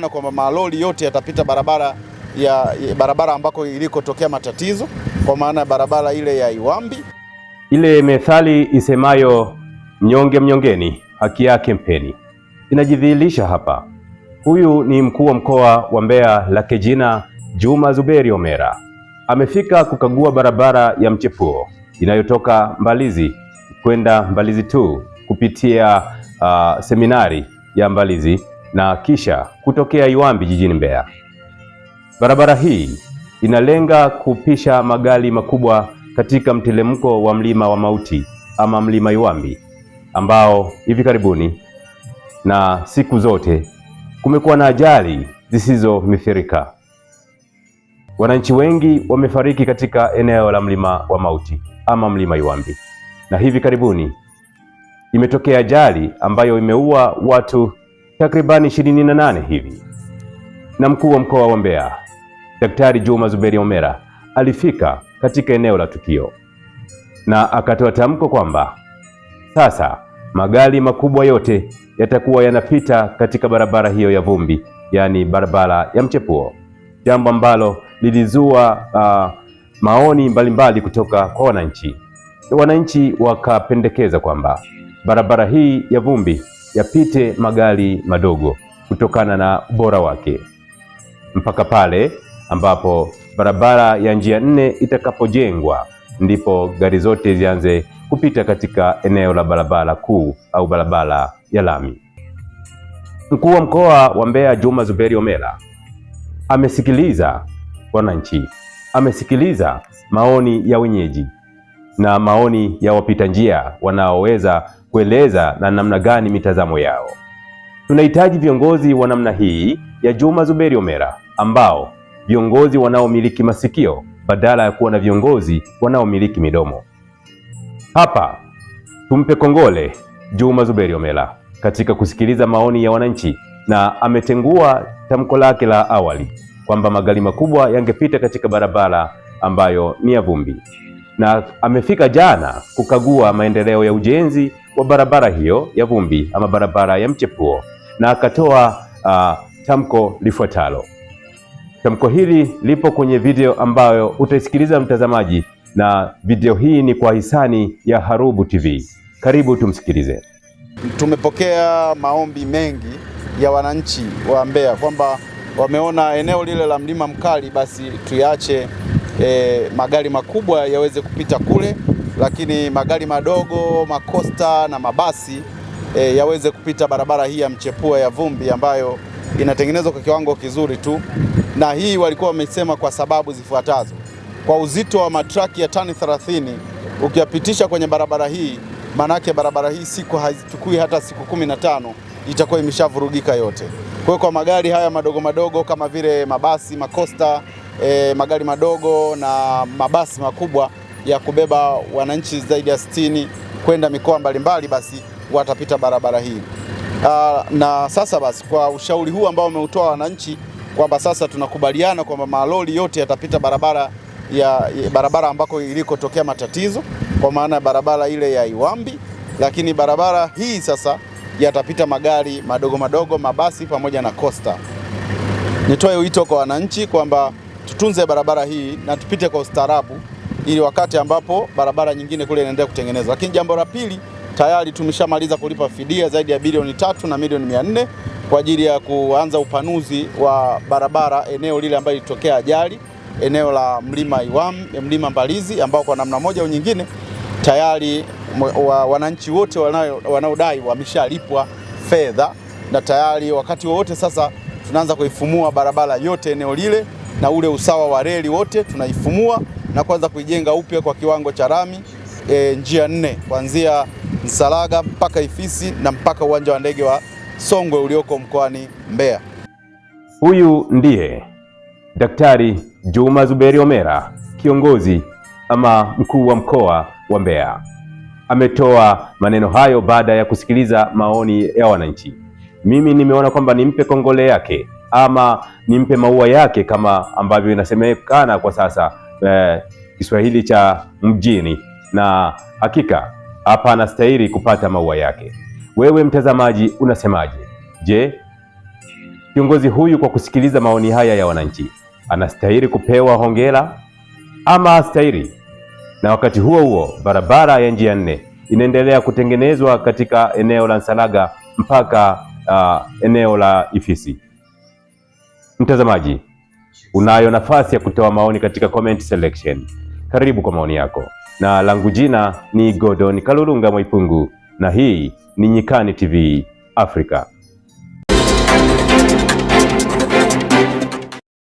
Na kwamba malori yote yatapita barabara ya barabara ambako ilikotokea matatizo, kwa maana ya barabara ile ya Iwambi. Ile methali isemayo mnyonge mnyongeni haki yake mpeni inajidhihirisha hapa. Huyu ni mkuu wa mkoa wa Mbeya lake jina Juma Zuberi Omera, amefika kukagua barabara ya mchepuo inayotoka Mbalizi kwenda Mbalizi tu kupitia uh, seminari ya Mbalizi na kisha kutokea Iwambi jijini Mbeya. Barabara hii inalenga kupisha magari makubwa katika mtelemko wa mlima wa mauti ama mlima Iwambi ambao hivi karibuni na siku zote kumekuwa na ajali zisizomithirika. Wananchi wengi wamefariki katika eneo la mlima wa mauti ama mlima Iwambi, na hivi karibuni imetokea ajali ambayo imeua watu takribani 28 hivi, na mkuu wa mkoa wa Mbeya Daktari Juma Zuberi Omera alifika katika eneo la tukio na akatoa tamko kwamba sasa magari makubwa yote yatakuwa yanapita katika barabara hiyo ya vumbi, yaani barabara ya mchepuo, jambo ambalo lilizua uh, maoni mbalimbali mbali kutoka kwa wananchi. Wananchi wakapendekeza kwamba barabara hii ya vumbi yapite magari madogo kutokana na ubora wake mpaka pale ambapo barabara ya njia nne itakapojengwa ndipo gari zote zianze kupita katika eneo la barabara kuu au barabara ya lami. Mkuu wa mkoa wa Mbeya Juma Zuberi omela amesikiliza wananchi, amesikiliza maoni ya wenyeji na maoni ya wapita njia wanaoweza kueleza na namna gani mitazamo yao. Tunahitaji viongozi wa namna hii ya Juma Zuberi Homera, ambao viongozi wanaomiliki masikio badala ya kuwa na viongozi wanaomiliki midomo. Hapa tumpe kongole Juma Zuberi Homera katika kusikiliza maoni ya wananchi, na ametengua tamko lake la awali kwamba magari makubwa yangepita katika barabara ambayo ni ya vumbi, na amefika jana kukagua maendeleo ya ujenzi wa barabara hiyo ya vumbi ama barabara ya mchepuo, na akatoa uh, tamko lifuatalo. Tamko hili lipo kwenye video ambayo utaisikiliza mtazamaji, na video hii ni kwa hisani ya Harubu TV. Karibu tumsikilize. Tumepokea maombi mengi ya wananchi wa Mbeya kwamba wameona eneo lile la mlima mkali, basi tuyache eh, magari makubwa yaweze kupita kule lakini magari madogo, makosta na mabasi e, yaweze kupita barabara hii ya mchepua ya vumbi ambayo inatengenezwa kwa kiwango kizuri tu, na hii walikuwa wamesema kwa sababu zifuatazo. Kwa uzito wa matraki ya tani 30 ukiyapitisha kwenye barabara hii, maanake barabara hii siku hazichukui hata siku kumi na tano itakuwa imeshavurugika yote. Kwa hiyo kwa magari haya madogo madogo kama vile mabasi, makosta, e, magari madogo na mabasi makubwa ya kubeba wananchi zaidi ya 60 kwenda mikoa mbalimbali, basi watapita barabara hii. Uh, na sasa basi kwa ushauri huu ambao umeutoa wananchi kwamba sasa tunakubaliana kwamba malori yote yatapita barabara ya, barabara ambako ilikotokea matatizo kwa maana ya barabara ile ya Iwambi, lakini barabara hii sasa yatapita magari madogo madogo, mabasi pamoja na kosta. Nitoe wito kwa wananchi kwamba tutunze barabara hii na tupite kwa ustaarabu ili wakati ambapo barabara nyingine kule inaendelea kutengenezwa. Lakini jambo la pili, tayari tumeshamaliza kulipa fidia zaidi ya bilioni tatu na milioni mia nne kwa ajili ya kuanza upanuzi wa barabara eneo lile ambalo ilitokea ajali, eneo la mlima Iwam, mlima Mbalizi, ambao kwa namna moja au nyingine tayari wa, wananchi wote wanaodai wameshalipwa fedha na tayari wakati wowote sasa tunaanza kuifumua barabara yote eneo lile, na ule usawa wa reli wote tunaifumua na kuanza kuijenga upya kwa kiwango cha rami e, njia nne kuanzia Msalaga mpaka Ifisi na mpaka uwanja wa ndege wa Songwe ulioko mkoani Mbeya. Huyu ndiye Daktari Juma Zuberi Omera, kiongozi ama mkuu wa mkoa wa Mbeya. Ametoa maneno hayo baada ya kusikiliza maoni ya wananchi. Mimi nimeona kwamba nimpe kongole yake ama nimpe maua yake kama ambavyo inasemekana kwa sasa eh, Kiswahili cha mjini, na hakika hapa anastahili kupata maua yake. Wewe mtazamaji, unasemaje? Je, kiongozi huyu kwa kusikiliza maoni haya ya wananchi anastahili kupewa hongera ama astahili? Na wakati huo huo barabara ya njia nne inaendelea kutengenezwa katika eneo la Nsalaga mpaka uh, eneo la Ifisi. Mtazamaji, Unayo nafasi ya kutoa maoni katika comment selection. Karibu kwa maoni yako, na langu jina ni godon Kalulunga Mwaipungu, na hii ni Nyikani TV africa